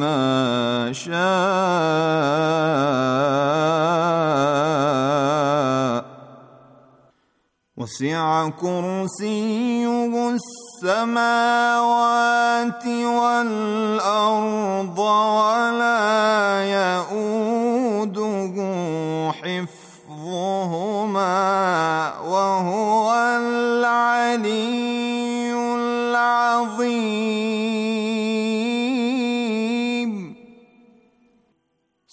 ما شاء وسع كرسيه السماوات والارض ولا يئوده حفظهما وهو العلي العظيم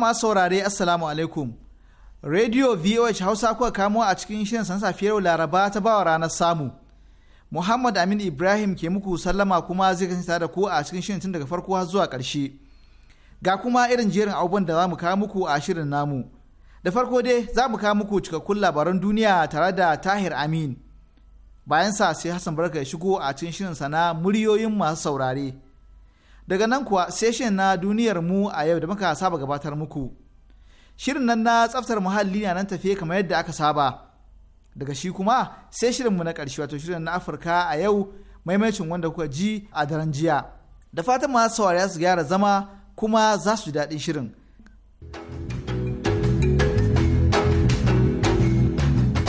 masu saurare assalamu alaikum radio voh hausa kuka kamo a cikin shirin san safiyar laraba ta bawa ranar samu muhammad amin ibrahim ke muku sallama kuma zai kasance da ku a cikin shirin tun daga farko har zuwa karshe ga kuma irin jerin abubuwan da za mu kawo muku a shirin namu da farko dai za mu kawo muku cikakkun labaran duniya tare da tahir amin bayan sa sai hassan barka ya shigo a cikin shirin sana muryoyin masu saurare. daga nan kuwa session na duniyar mu a yau da muka saba gabatar muku shirin nan na tsaftar muhalli na nan tafiye kamar yadda aka saba daga shi kuma sai shirin mu na karshe wato shirin na afirka a yau maimacin wanda kuka ji a daren jiya da fatan ma saurari su gyara zama kuma za su daɗin shirin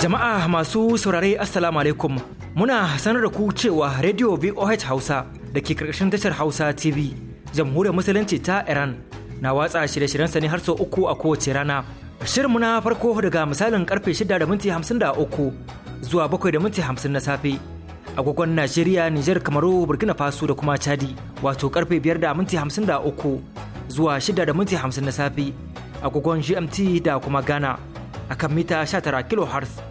jama'a masu saurare assalamu alaikum Muna sanar da ku cewa Radio VOH Hausa da ke karkashin tashar Hausa TV jamhuriyar musulunci ta Iran na watsa shirye shiryen ne har sau uku a kowace rana. Shirinmu na farko daga misalin karfe shida da minti hamsin da uku zuwa bakwai da minti hamsin na safe. agogon Najeriya, Nijar, Kamaru, Burkina Faso da kuma Chadi, wato karfe 5 da minti 53 zuwa 6 da minti 50 na safe, agogon GMT da kuma Ghana, akan mita 19 kHz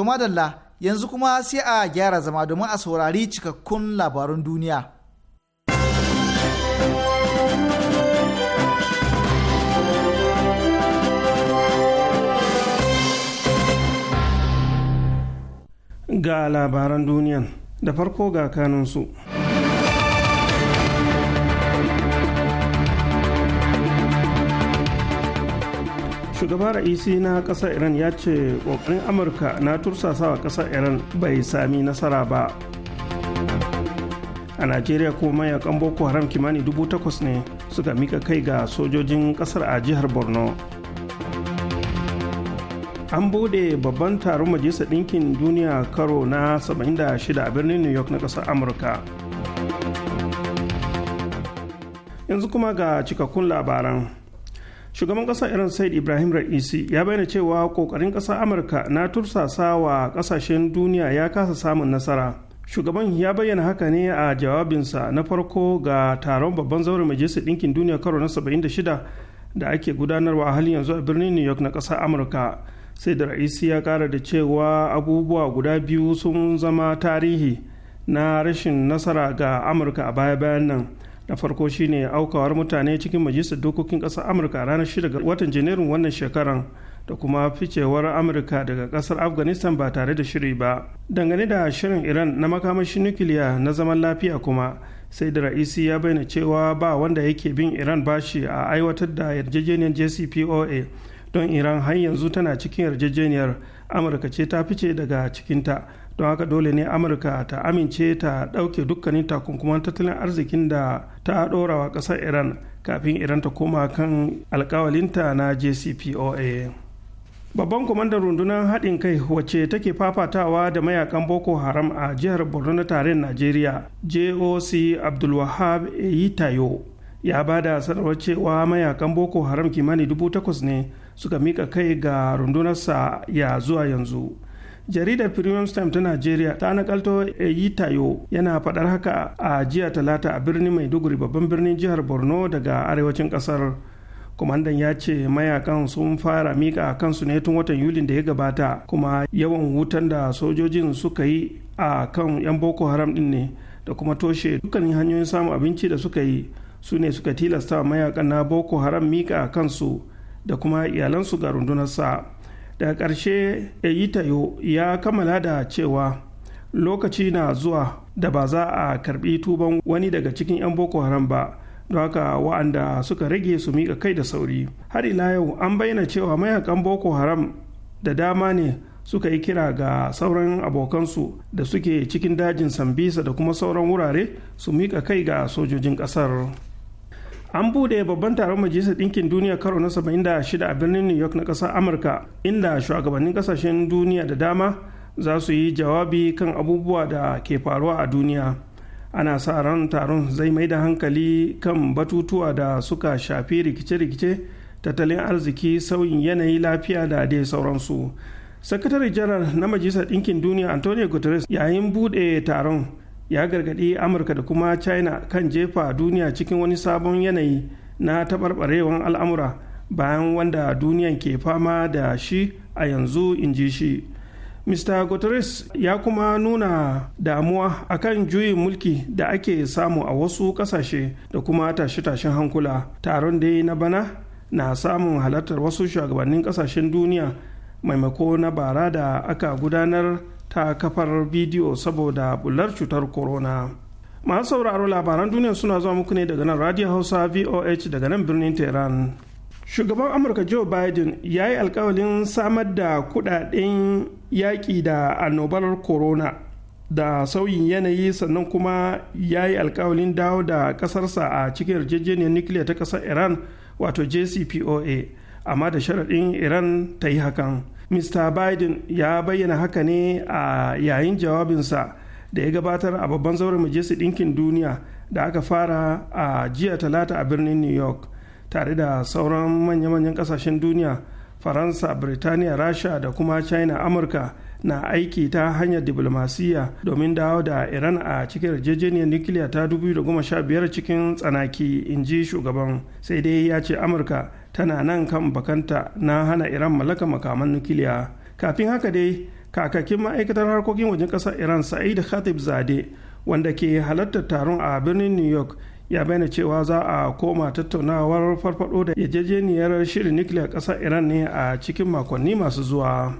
To madalla yanzu kuma sai a gyara zama domin a saurari cikakkun labarun duniya. Ga labaran duniyan da farko ga kanunsu. su. shugaba ra'isi na kasar iran ya ce kokarin amurka na tursasawa kasar iran bai sami nasara ba a najeriya kuma mayakan boko haram kimani dubu takwas ne suka mika kai ga sojojin ƙasar a jihar borno an bude babban taron majalisar ɗinkin duniya karo na 76 a birnin new york na ƙasar amurka yanzu kuma ga cikakkun labaran shugaban ƙasar iran said ibrahim ra'isi ya bayyana cewa ƙoƙarin ƙasar amurka na tursasa wa ƙasashen duniya ya kasa samun nasara shugaban ya bayyana haka ne a jawabinsa na farko ga taron babban zauren majalisar ɗinkin duniya karo na 76 da ake gudanarwa a halin yanzu a birnin new york na ƙasar amurka sai da ra'isi ya ƙara da cewa abubuwa guda biyu sun zama tarihi na rashin nasara ga amurka a baya-bayan nan na farko shine aukawar mutane cikin majalisar dokokin ƙasar amurka ranar 6 ga watan janairun wannan shekaran da kuma ficewar amurka daga kasar afghanistan ba tare da shiri ba dangane da shirin iran na makamashi nukiliya na zaman lafiya kuma sai da ra'isi ya bayyana cewa ba wanda yake bin iran bashi a aiwatar da yarjejeniyar jcpoa don iran har yanzu tana cikin yarjejeniyar amurka ce ta fice daga cikinta don haka dole ne amurka ta amince ta ɗauke dukkanin takunkuman tattalin arzikin da ta ɗorawa ƙasar iran kafin iran ta koma kan alkawalinta na jcpoa babban kwamandan rundunar haɗin kai wacce take fafatawa da mayakan boko haram a jihar borno na tarin najeriya joc abdulwahab eyitayo ya ba da sanarwar cewa mayakan boko haram kimanin dubu takwas ne suka mika kai ga rundunarsa ya zuwa yanzu jaridar premium time ta najeriya ta nakalto eyitayo yana fadar haka a jiya talata a birnin maiduguri babban birnin jihar borno daga arewacin ƙasar kwamandan ya ce mayakan sun fara mika kansu ne tun watan yulin da ya gabata kuma yawan wutan da sojojin suka yi a kan 'yan boko haram din ne da kuma toshe dukkanin hanyoyin samun abinci da suka yi su ne suka tilasta mayakan na boko haram mika kansu da kuma iyalansu ga rundunarsa da ƙarshe tayo ya kammala da cewa lokaci na zuwa da ba za a karbi tuban wani daga cikin 'yan boko haram ba don haka wa'anda suka rage su miƙa kai da sauri har ila yau an bayyana cewa mayakan boko haram da dama ne suka yi kira ga sauran abokansu da suke cikin dajin sambisa da kuma sauran wurare su miƙa kai ga sojojin ƙasar. an bude babban taron majalisar ɗinkin duniya karo na 76 a birnin new york na ƙasar amurka inda shugabannin ƙasashen duniya da dama za su yi jawabi kan abubuwa da ke faruwa a duniya ana sa ran taron zai mai da hankali kan batutuwa da suka shafi rikice-rikice tattalin arziki sauyin yanayi lafiya da dai sauransu sakatare janar na majalisar ɗinkin duniya antonio guterres yayin buɗe taron ya gargaɗi amurka da kuma china kan jefa duniya cikin wani sabon yanayi na taɓarɓarewar al'amura bayan wanda duniyan ke fama da shi a yanzu in ji shi mr guterres ya kuma nuna damuwa akan juyin mulki da ake samu a wasu ƙasashe da kuma tashe-tashen hankula taron dai na bana na samun halartar wasu shugabannin ƙasashen duniya maimako na bara da aka gudanar ta kafar bidiyo saboda bular cutar corona masu sauraro labaran duniya suna zuwa muku ne daga nan radio hausa voh daga nan birnin tehran shugaban amurka joe biden ya yi alkawalin samar da kudaden yaƙi da annobar corona da sauyin yanayi sannan kuma ya yi alkawalin dawo da ƙasarsa a cikin yarjejeniyar nukiliya ta ƙasar iran wato jcpoa amma da sharaɗin iran ta yi hakan mista biden ya bayyana haka ne a yayin jawabinsa da ya gabatar a babban zauren majalisar ɗinkin duniya da aka fara a jiya talata a birnin new york tare da sauran manya-manyan ƙasashen duniya faransa birtaniya rasha da kuma china amurka na aiki ta hanyar diplomasiyya domin dawo da iran a cikin yarjejeniyar nukiliya ta 2015 cikin tsanaki inji shugaban sai dai ya ce amurka tana nan kan bakanta na hana iran mallaka makaman nukiliya kafin haka dai kakakin ma'aikatar harkokin wajen ƙasar iran sa'id khatib zade wanda ke halartar taron a birnin new york ya bayyana cewa za a koma tattaunawar farfado da yajejeniyar shirin nukiliya ƙasar iran ne a cikin makonni masu zuwa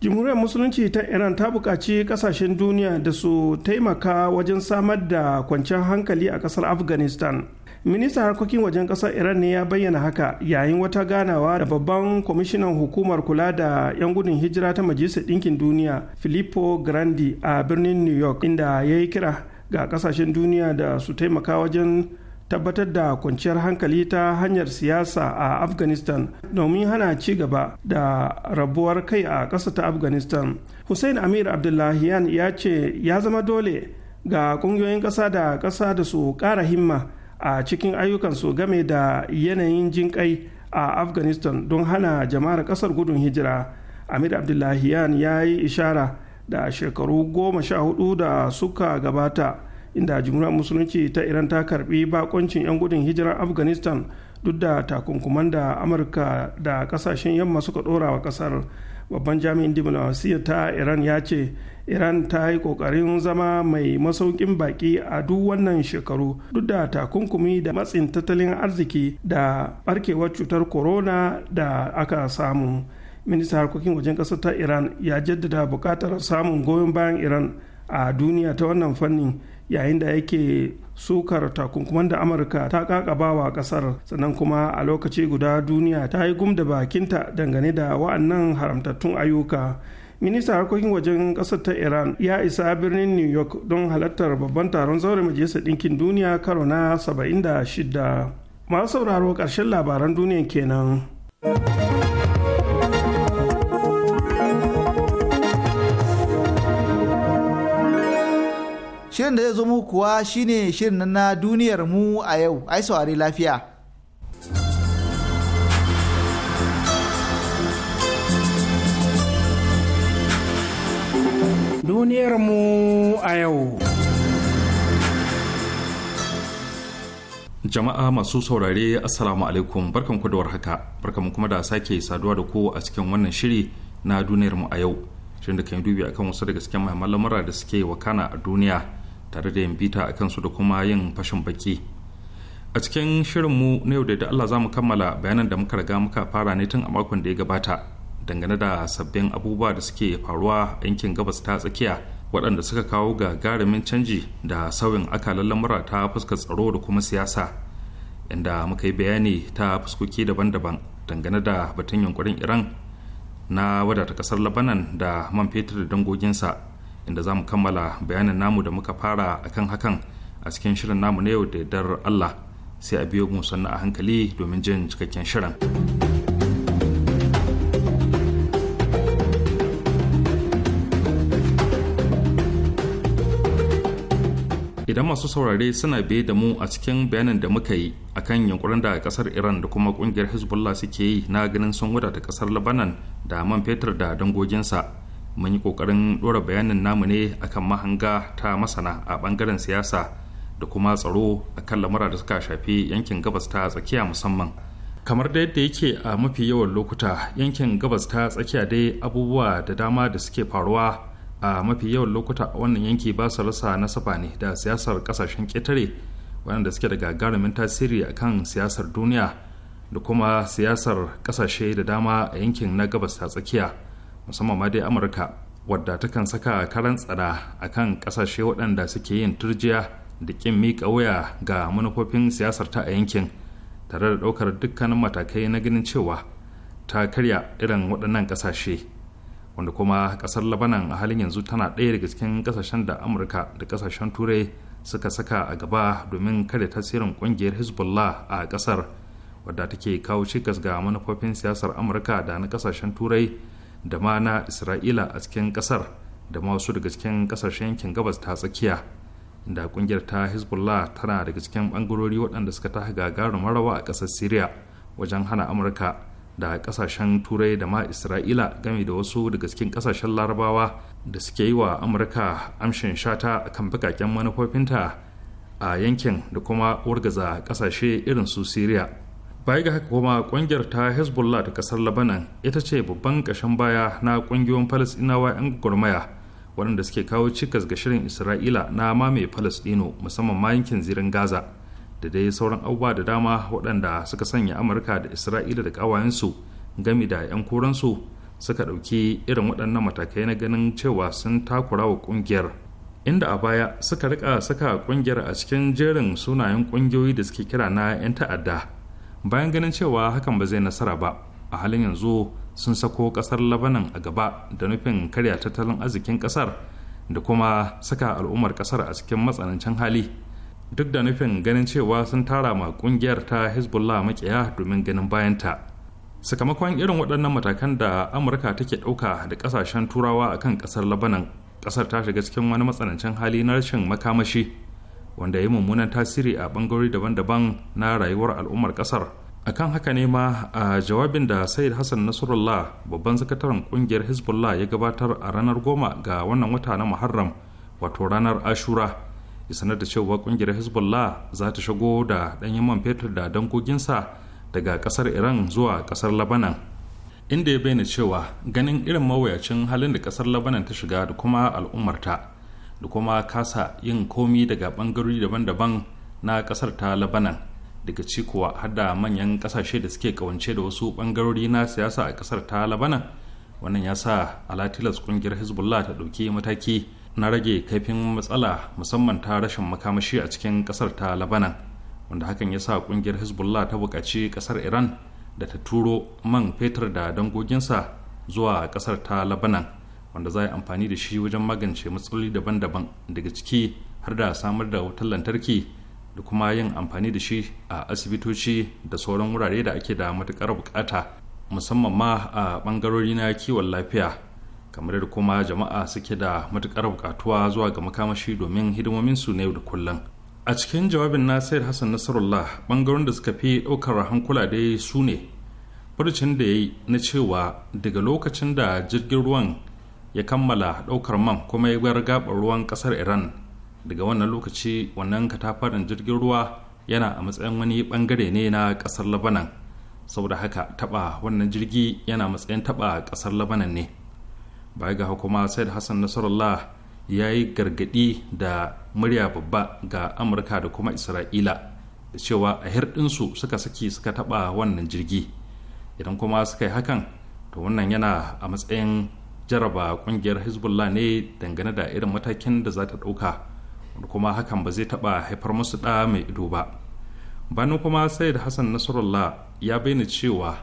jamhuriyar musulunci ta iran ta buƙaci ƙasashen duniya da su taimaka wajen samar da kwanciyar hankali a ƙasar afghanistan ministan harkokin wajen kasar iran ne ya bayyana haka yayin wata ganawa da babban kwamishinan hukumar kula da 'yan gudun hijira ta majalisar ɗinkin duniya filippo grandi a birnin new york inda ya yi kira ga kasashen duniya da su taimaka wajen tabbatar da kwanciyar hankali ta hanyar siyasa a afghanistan domin hana ci gaba da rabuwar kai a ƙasa ta afghanistan hussein amir abdullahiyan ya ce ya zama dole ga ƙungiyoyin ƙasa da ƙasa da su ƙara himma a cikin ayyukansu game da yanayin jinƙai a afghanistan don hana jama'ar ƙasar gudun hijira amir abdullahiyan ya yi ishara da shekaru goma sha hudu da suka gabata inda jumhuriyar musulunci ta iran ta karbi bakoncin 'yan gudun hijirar afghanistan duk da takunkuman da amurka da kasashen yamma suka dora wa kasar babban jami'in diplomasiyya ta iran ya ce iran ta yi kokarin zama mai masaukin baki a duk wannan shekaru duk da takunkumi da matsin tattalin arziki da barkewar cutar corona da aka samu ministan harkokin wajen ƙasar ta iran ya jaddada buƙatar samun goyon bayan iran a duniya ta wannan fannin yayin da yake sukar takunkuman da amurka ta kakabawa kasar sannan kuma a lokaci guda duniya ta yi gum da bakinta dangane da wa'annan haramtattun ayyuka ministan harkokin wajen kasar ta iran ya isa birnin new york don halartar babban taron zaure majalisar ɗinkin duniya karo na 76 masu sauraro karshen labaran duniya kenan. Shirin da zai zo mu kuwa shine shirin na duniyar mu a yau, ai saurari lafiya. Duniyar mu a yau. Jama'a masu saurare Assalamu alaikum ku da warhaka barkanku kuma da sake saduwa da ku a cikin wannan shiri na duniyar mu a yau. Shirin da kan dubi akan wasu daga cikin muhimman lamura da suke wakana a duniya. tare da yin bita a kansu da kuma yin fashin baki a cikin shirin mu na yau da Allah za mu kammala bayanan da muka riga muka fara ne tun a makon da ya gabata dangane da sabbin abubuwa da suke faruwa a yankin gabas ta tsakiya waɗanda suka kawo ga garimin canji da sauyin akalan lamura ta fuskar tsaro da kuma siyasa inda muka yi bayani ta fuskoki daban-daban dangane da batun yunkurin iran na wadata ƙasar labanan da man fetur da dangoginsa inda za mu kammala bayanin namu da muka fara akan hakan a cikin shirin namu na yau da dar Allah sai a biyo mu sannu a hankali domin jin cikakken shirin. idan masu saurare suna biye da mu a cikin bayanin da muka yi a kan yankurin da kasar iran da kuma kungiyar hezbollah suke yi na ganin sun wadata kasar labanan da man fetur da dangoginsa mun yi kokarin dora bayanin namu ne akan mahanga ta masana a bangaren siyasa da kuma tsaro a kan lamura da suka shafi yankin gabas ta tsakiya musamman kamar da yadda yake a mafi yawan lokuta yankin gabas ta tsakiya dai abubuwa da dama da suke faruwa a mafi yawan lokuta wannan yanki ba su rasa nasaba ne da siyasar kasashen ƙetare waɗanda suke da gagarumin tasiri a kan siyasar duniya da kuma siyasar ƙasashe da dama a yankin na gabas ta tsakiya musamman ma dai amurka wadda takan saka karan tsada a kan ƙasashe waɗanda suke yin turjiya da ƙin miƙa wuya ga manufofin siyasar ta a yankin tare da ɗaukar dukkanin matakai na ganin cewa ta karya irin waɗannan ƙasashe wanda kuma ƙasar labanan a halin yanzu tana ɗaya daga cikin ƙasashen da amurka da ƙasashen turai suka saka a gaba domin kare tasirin ƙungiyar hezbollah a ƙasar wadda take kawo cikas ga manufofin siyasar amurka da na ƙasashen turai da ma na isra'ila a cikin kasar da ma wasu daga cikin kasashen yankin gabas ta tsakiya da kungiyar ta hezbollah tana daga cikin bangarori waɗanda suka ta gagarumar marawa a ƙasar syria wajen hana amurka da kasashen turai da ma isra'ila game da wasu daga cikin kasashen larabawa da suke yi wa amurka amshin shata kan bukaken manufofinta a yankin da kuma wargaza kasashe irin su syria baya ga haka kuma kungiyar ta hezbollah da kasar labanan ita ce babban kashin baya na kungiyoyin falastinawa 'yan gurmaya waɗanda suke kawo cikas ga shirin isra'ila na mamaye falasɗino musamman ma yankin zirin gaza da dai sauran abubuwa da dama waɗanda suka sanya amurka da isra'ila da ƙawayensu gami da 'yan koransu suka ɗauki irin waɗannan matakai na ganin cewa sun takura wa ƙungiyar inda a baya suka rika saka ƙungiyar a cikin jerin sunayen ƙungiyoyi da suke kira na 'yan ta'adda bayan ganin cewa hakan ba zai nasara ba a halin yanzu sun sako kasar labanan a gaba da nufin karya tattalin arzikin kasar da kuma saka al'ummar kasar a cikin matsanancin hali duk da nufin ganin cewa sun tara ma kungiyar ta hezbollah makiya domin ganin bayanta sakamakon irin waɗannan matakan da amurka take ɗauka da ƙasashen turawa akan ƙasar labanan ƙasar ta shiga cikin wani matsanancin hali na rashin makamashi wanda ya mummunan tasiri a bangarori daban-daban na rayuwar al'ummar kasar akan haka ne ma a jawabin da sayid hassan nasrullah babban sakataren kungiyar hezbollah ya gabatar a ranar goma ga wannan wata na muharram wato ranar ashura ya da cewa kungiyar hezbollah za ta shigo da danyen man fetur da dangoginsa daga kasar iran zuwa kasar labanan inda ya bayyana cewa ganin irin mawuyacin halin da kasar labanan ta shiga da kuma al'ummarta da kuma kasa yin komi daga bangarori daban-daban na kasar ta labanan daga ci kuwa har da manyan kasashe da suke kawance da wasu bangarori na siyasa a kasar ta labanan wannan ya sa alatilas kungiyar hezbollah ta ɗauki mataki na rage kaifin matsala musamman ta rashin makamashi a cikin kasar ta labanan wanda hakan ya sa kungiyar hezbollah ta buƙaci kasar iran da ta turo man fetur da dangoginsa zuwa kasar ta labanan wanda za a yi amfani da shi wajen magance matsaloli daban-daban daga ciki har da samar da wutar lantarki da kuma yin amfani da shi a asibitoci da sauran wurare da ake da matukar bukata musamman ma a bangarori na kiwon lafiya kamar da kuma jama'a suke da matukar bukatuwa zuwa ga makamashi domin hidimomin na yau da kullum a cikin jawabin na sayar hassan nasarullah bangaren da suka fi ɗaukar hankula dai su ne farcin da ya yi na cewa daga lokacin da jirgin ruwan ya kammala ɗaukar man kuma ya bar gabar ruwan ƙasar iran daga wannan lokaci wannan katafaren jirgin ruwa yana a matsayin wani ɓangare ne na ƙasar labanan saboda haka taɓa wannan jirgi yana matsayin taɓa ƙasar labanan ne baya ga kuma said hassan nasarallah ya yi gargaɗi da murya babba ga amurka da kuma isra'ila da cewa a hirɗinsu suka saki suka taɓa wannan jirgi idan kuma suka yi hakan to wannan yana a matsayin jaraba kungiyar hezbollah ne dangane da irin matakin da za ta ɗauka kuma hakan ba zai taɓa haifar musu ɗa mai ido ba bayan kuma da hassan nasarallah ya bayyana cewa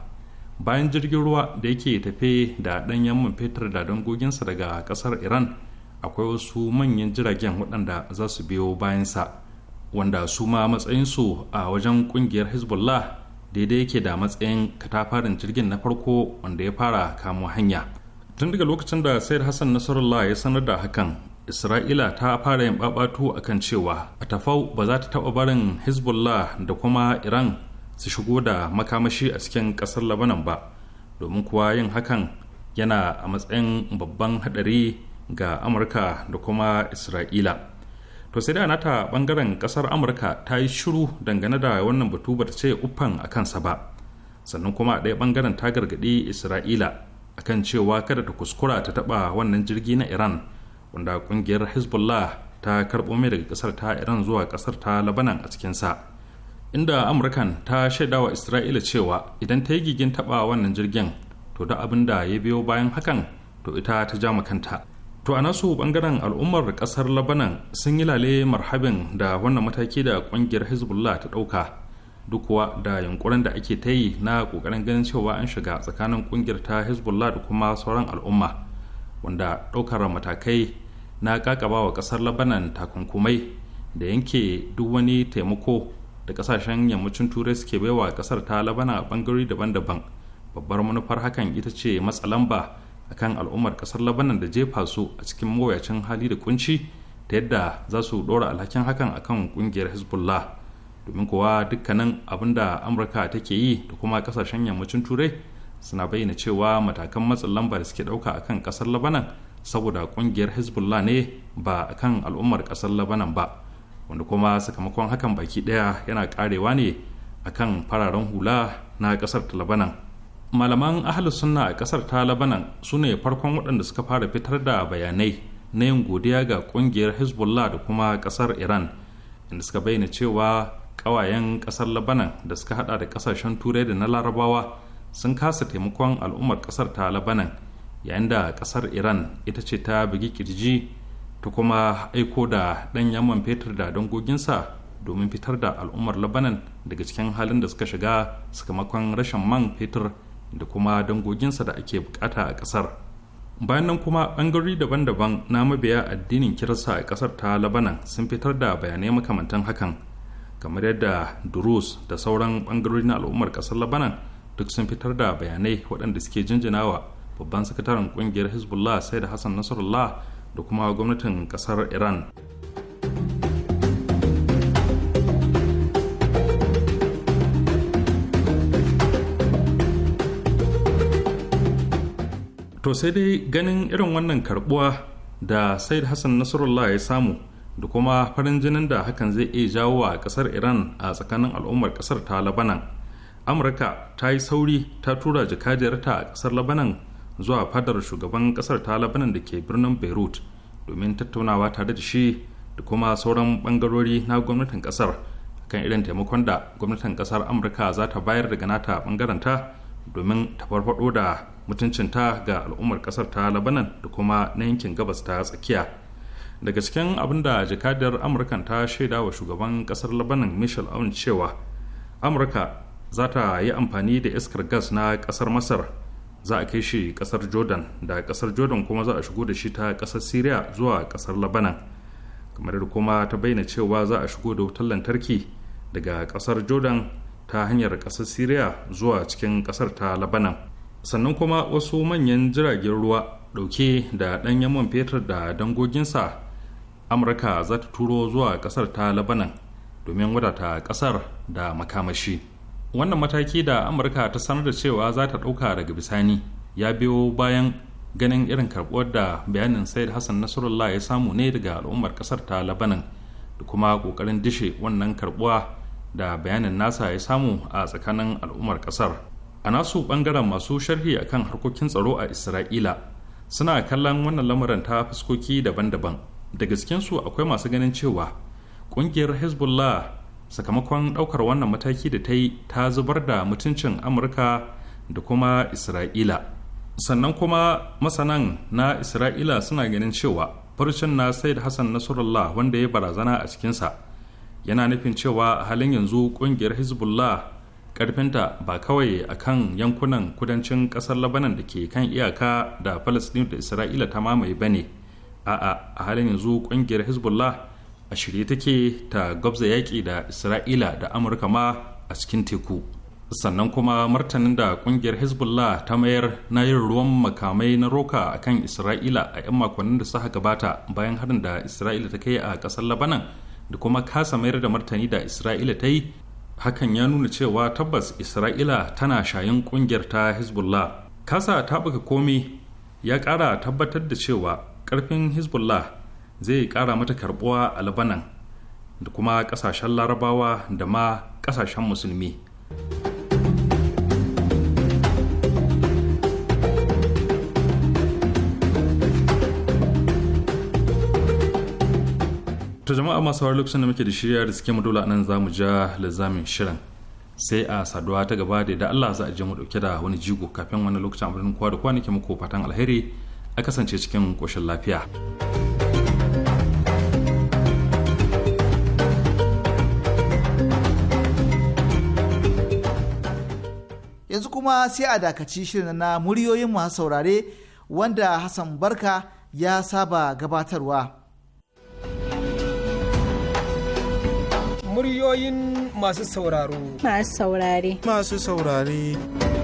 bayan jirgin ruwa da yake tafe da ɗanyen man fetur da dangoginsa daga ƙasar iran akwai wasu manyan jiragen waɗanda za su biyo bayansa wanda su ma matsayinsu a wajen kungiyar hezbollah daidai yake da matsayin katafarin jirgin na farko wanda ya fara kamo hanya tun daga lokacin da sayar hassan nasarullah ya sanar da hakan isra'ila ta fara yin babatu akan cewa a tafau ba za ta taba barin hezbollah da kuma iran su shigo da makamashi a cikin ƙasar labanan ba domin kuwa yin hakan yana a matsayin babban haɗari ga amurka da kuma isra'ila to sai da nata ɓangaren ƙasar amurka ta yi shiru dangane da wannan batu ba ta ce uffan a kansa ba sannan kuma a ɗaya bangaren ta gargaɗi isra'ila akan cewa kada ta kuskura ta taba wannan jirgi na iran wanda kungiyar hezbollah ta karbo mai daga kasar ta iran zuwa kasar ta labanan a cikinsa inda amurkan ta shaida wa isra'ila cewa idan ta yi gigin taba wannan jirgin to da abin da ya biyo bayan hakan to ita ta ja kanta to a nasu bangaren al'ummar kasar labanan sun yi lale marhabin da wannan mataki da kungiyar hezbollah ta dauka duk kuwa da yunkurin da ake ta yi na kokarin ganin cewa an shiga tsakanin kungiyar ta hezbollah da kuma sauran al'umma wanda ɗaukar matakai na kakabawa ƙasar labanan takunkumai da yanke duk wani taimako da ƙasashen yammacin turai suke baiwa ƙasar ta labanan a ɓangarori daban-daban babbar manufar hakan ita ce matsalamba akan al'ummar ƙasar labanan da jefa su a cikin mawuyacin hali da kunci ta yadda za su ɗora alhakin hakan akan ƙungiyar hezbollah domin kuwa dukkanin abin da amurka take yi da kuma kasashen yammacin turai suna bayyana cewa matakan matsin lamba da suke dauka akan kasar labanan saboda kungiyar hezbollah ne ba akan al'ummar kasar labanan ba wanda kuma sakamakon hakan baki daya yana karewa ne akan fararen hula na kasar ta labanan malaman ahalus sunna a kasar ta labanan su ne farkon waɗanda suka fara fitar da bayanai na yin godiya ga kungiyar hezbollah da kuma kasar iran inda suka bayyana cewa ƙawayen kasar labanan da suka hada da kasashen turai da na larabawa sun kasa taimakon al'ummar kasar ta labanan yayin da kasar iran ita ce ta bugi kirji ta kuma aiko da ɗan yaman fetur da dangoginsa domin fitar da al'ummar labanan daga cikin halin da suka shiga sakamakon rashin man fetur da kuma dangoginsa da ake bukata a kasar bayan nan kuma bangarori daban-daban na mabiya addinin kirista a kasar ta labanan sun fitar da bayanai makamantan hakan kamar yadda durus da sauran bangarori na al'ummar kasar labanan duk sun fitar da bayanai waɗanda suke jinjinawa babban sakataren kungiyar hezbollah sai da hassan nasarullah da kuma gwamnatin kasar iran to sai dai ganin irin wannan karbuwa da said hassan nasarullah ya samu da kuma farin jinin da hakan zai iya jawo wa kasar iran a tsakanin al'ummar kasar ta labanan amurka ta yi sauri ta tura jikajiyarta a kasar labanan zuwa fadar shugaban kasar ta labanan da ke birnin beirut domin tattaunawa tare da shi da kuma sauran bangarori na gwamnatin kasar kan irin taimakon da gwamnatin kasar amurka za ta bayar daga nata bangaranta domin ta farfado da mutuncinta ga al'ummar kasar ta labanan da kuma na yankin gabas ta tsakiya daga cikin abin da jakadiyar amurkan ta shaida wa shugaban kasar labanin michel aun cewa amurka za ta yi amfani da iskar gas na kasar masar za a kai shi kasar jordan da kasar jordan kuma za a shigo da shi ta kasar syria zuwa kasar labanan kamar da kuma ta bayyana cewa za a shigo da wutar lantarki daga kasar jordan ta hanyar kasar syria zuwa cikin kasar ta labanan sannan kuma wasu manyan jiragen ruwa dauke da danyen man fetur da dangoginsa amurka za ta turo zuwa kasar ta labanan domin wadata kasar da makamashi wannan mataki da amurka ta sanar da cewa za ta ɗauka daga bisani ya biyo bayan ganin irin karbuwar da bayanin sayid hassan nasarullah ya samu ne daga al'ummar kasar ta labanan da kuma ƙoƙarin dishe wannan karɓuwa da bayanin nasa ya samu a tsakanin al'ummar kasar a nasu ɓangaren masu sharhi akan harkokin tsaro a isra'ila suna kallon wannan lamarin ta fuskoki daban-daban da daga su akwai masu ganin cewa kungiyar hezbollah sakamakon daukar wannan mataki da ta yi ta zubar da mutuncin amurka da kuma isra'ila sannan kuma masanan na isra'ila suna ganin cewa farcin na da hassan nasrullah wanda ya barazana a cikinsa yana nufin cewa a halin yanzu kungiyar hezbollah karfinta ba kawai a kan yankunan kudancin kasar labanan da ke kan iyaka da palestine da isra'ila ta mamaye ba ne a'a a halin yanzu kungiyar hezbollah a shirye take ta gwabza yaƙi da isra'ila da amurka ma a cikin teku sannan kuma martanin da kungiyar hezbollah ta mayar na yin ruwan makamai na roka a kan isra'ila a 'yan makonnin da suka gabata bayan harin da isra'ila ta kai a ƙasar labanan da kuma kasa mayar da martani da isra'ila ta yi hakan ya nuna cewa tabbas isra'ila tana shayin kungiyar ta hezbollah kasa ta buga komai ya ƙara tabbatar da cewa karfin hezbollah zai kara mata karbuwa a labanan da kuma kasashen larabawa da ma kasashen musulmi ta jama'a masu hawar lokacin da muke da shirya da suke dole nan za mu ja lizamin shirin sai a saduwa ta gaba da da Allah za a je mu dauke da wani jigo kafin wani lokacin abin kowa da kowa nake muku fatan alheri a kasance cikin ƙoshin lafiya. Yanzu kuma sai a dakaci shirin na muryoyin masu saurare wanda Hassan Barka ya saba gabatarwa. Muryoyin masu sauraro. Masu saurare. Masu saurare.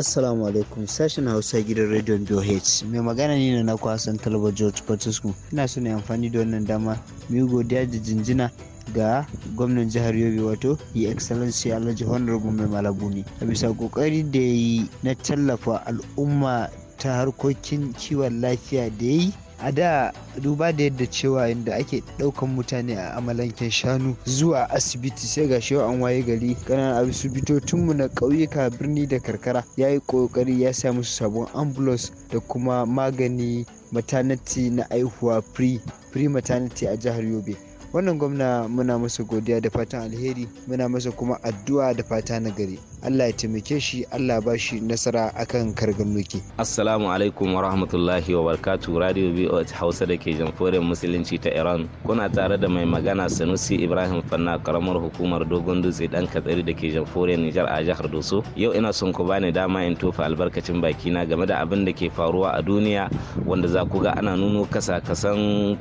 Assalamu alaikum sashen Hausa gidan rediyon BOH mai magana ne na kwasan talabar Talba George Patisku ina so ne amfani da wannan dama mu godiya da jinjina ga gwamnan jihar Yobe wato yi excellency Alhaji Honorable Mai Malabuni a bisa kokari da yi na tallafa al'umma ta harkokin kiwon lafiya da yi a da duba da yadda cewa yadda ake ɗaukan mutane a amalanken shanu zuwa asibiti sai ga shi an waye gari asibitocin mu na ƙauyuka birni da karkara ya yi ƙoƙari ya sa musu sabon ambulos da kuma magani maternity na aihuwa pre pre maternity a jihar yobe wannan gwamna muna masa godiya da fatan alheri muna masa kuma addu'a da fata na gari allah ya taimake shi allah ba shi nasara akan kargan nuke assalamu alaikum wa rahmatullahi wa barkatu radio boh hausa da ke jamforin musulunci ta iran kuna tare da mai magana sanusi ibrahim fanna karamar hukumar dogon dutse dan katsari da ke jamforin nijar a jihar doso yau ina son ku bani dama in tofa albarkacin bakina game da abin da ke faruwa a duniya wanda za ku ga ana nuno kasa kasan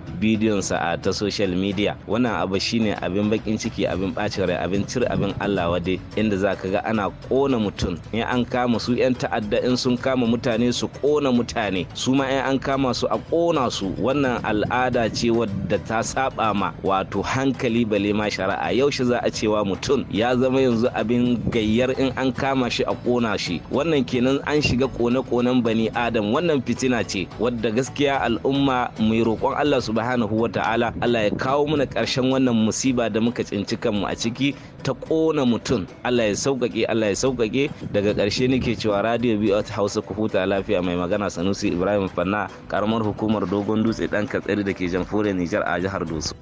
sa a ta social media wannan abu shine abin bakin ciki abin bacin rai abin cir abin Allah wade inda za ka ga ana kona mutum in an kama su yan ta'adda in sun kama mutane su kona mutane su ma in an kama su a kona su wannan al'ada ce wadda ta saba ma wato hankali bale ma shari'a yaushe za a cewa mutum ya zama yanzu abin gayyar in an kama shi a kona shi wannan kenan an shiga kone-konen bani adam wannan fitina ce wadda gaskiya al'umma mai roƙon Allah subhanahu wa ta'ala Allah ya kawo mana karshen wannan musiba da muka tsinci kanmu a ciki ta ƙona mutum Allah ya sauƙaƙe Allah ya sauƙaƙe daga ƙarshe nake cewa radio BOT Hausa ku huta lafiya mai magana Sanusi Ibrahim Fanna karamar hukumar Dogon Dutse dan Katsari da ke jamhuriyar Nijar a jihar Doso.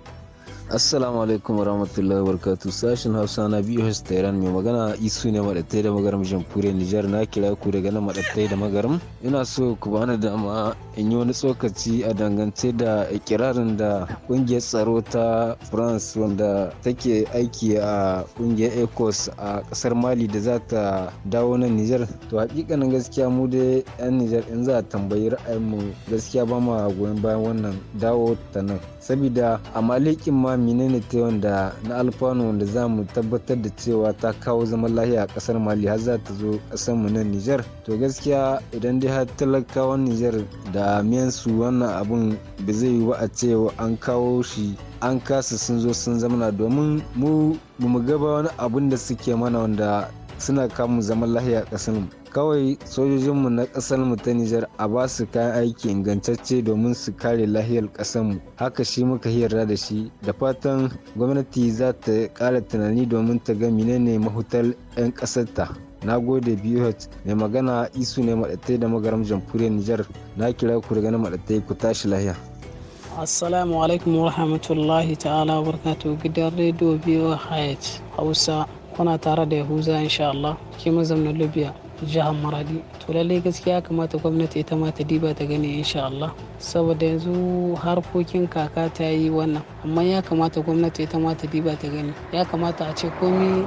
assalamu alaikum warahmatullahi wabarakatuh sashen hausa na biyu host tehran mai magana isu ne madattai da magaram jamhuriyar nijar na kira ku daga nan madattai da magaram ina so ku bani dama in yi wani tsokaci a dangance da ikirarin da kungiyar tsaro ta france wanda take aiki a kungiyar ecos a kasar mali da za ta dawo nan nijar to hakikanin gaskiya mu dai yan nijar in za a tambayi mu gaskiya ba ma goyon bayan wannan dawo ta nan saboda a malikin ma menene ta wanda na alfanu wanda za mu tabbatar da cewa ta kawo zaman lahiya a kasar mali har za ta zo kasar mu na niger to gaskiya idan dai har talakawan niger da miyan su wannan abun ba zai yi wa a cewa an kawo shi an kasa sun zo sun zamana domin mu mu gaba wani abun da suke mana wanda suna kamun zaman lahiya a kasar mu kawai sojojinmu na ƙasar mu ta nijar a ba su kayan aiki ingantacce domin su kare lahiyar ƙasar mu haka shi muka hirra da shi da fatan gwamnati za ta ƙara tunani domin ta ga menene mahutar 'yan ta na gode bih mai magana isu ne maɗatai da magaram jamhuriyar nijar na kira ku daga na maɗatai ku tashi lahiya assalamu alaikum wa rahmatullahi ta'ala wa gidan rediyo biyu hayat hausa kuna tare da yahuza insha Allah ke mazamnin libya jihar maradi to lallai gaskiya kamata gwamnati ita ma ta diba ta gani insha Allah saboda yanzu harkokin kaka ta yi wannan amma ya kamata gwamnati ita ma ta diba ta gani ya kamata a ce komi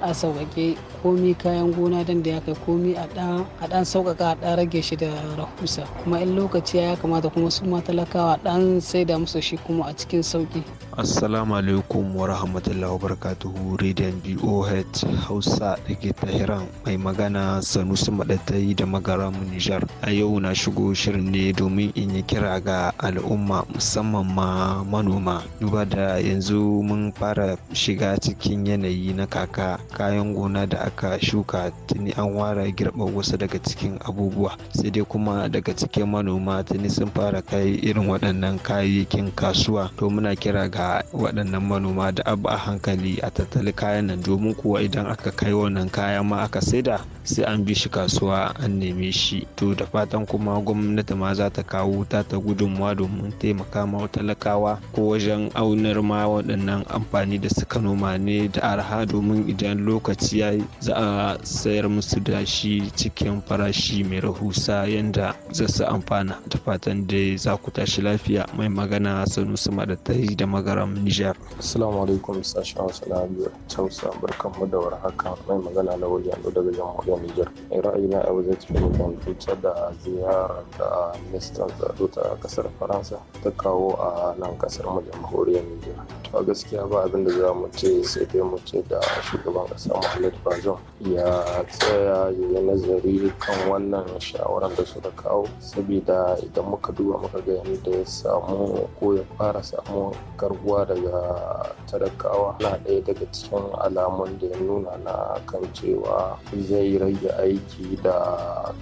a sauƙaƙe komi kayan gona dan da ya kai komi a dan sauƙaƙa a dan rage shi da rahusa kuma in lokaci ya kamata kuma su ma talakawa dan sai da musu shi kuma a cikin sauƙi. assalamu alaikum wa rahmatullahi wa barakatuhu radiant boh hausa da ke tahiran mai magana sanusi maɗatai da magaramu nijar a yau na shigo shirin ne domin in yi kira ga al'umma musamman ma manoma duba da yanzu mun fara shiga cikin yanayi na kaka kayan gona da aka aka shuka tuni an ware girɓar wasu daga cikin abubuwa sai dai kuma daga cikin manoma tuni sun fara kai irin waɗannan kayayyakin kasuwa to muna kira ga waɗannan manoma da abu a hankali a tattali kayan nan domin kuwa idan aka kai wannan kaya ma aka saida sai an bi shi kasuwa an neme shi to da fatan kuma gwamnati ma za ta kawo ta ta gudunmawa domin taimaka ma talakawa ko wajen aunar ma waɗannan amfani da suka noma ne da arha domin idan lokaci ya yi za a sayar musu da shi cikin farashi mai rahusa yadda za su amfana ta fatan da za ku tashi lafiya mai magana sanusi madatari da magaram nijar assalamu alaikum sashen wasu na tausa barkan mu da warhaka mai magana na wajen daga jamhuriyar nijar eh, na a wajen cikin dangantar da ziyara da ministan tsaro ta kasar faransa ta kawo a nan kasar mu jamhuriyar nijar to gaskiya ba abin da za mu ce sai dai mu ce da shugaban kasa muhammadu ya tsaya ya nazari kan wannan shawarar da suka kawo saboda idan muka duba muka ga yadda ya samu ko ya fara samu karbuwa daga talakawa na ɗaya daga cikin alamun da ya nuna na kan cewa zai rage aiki da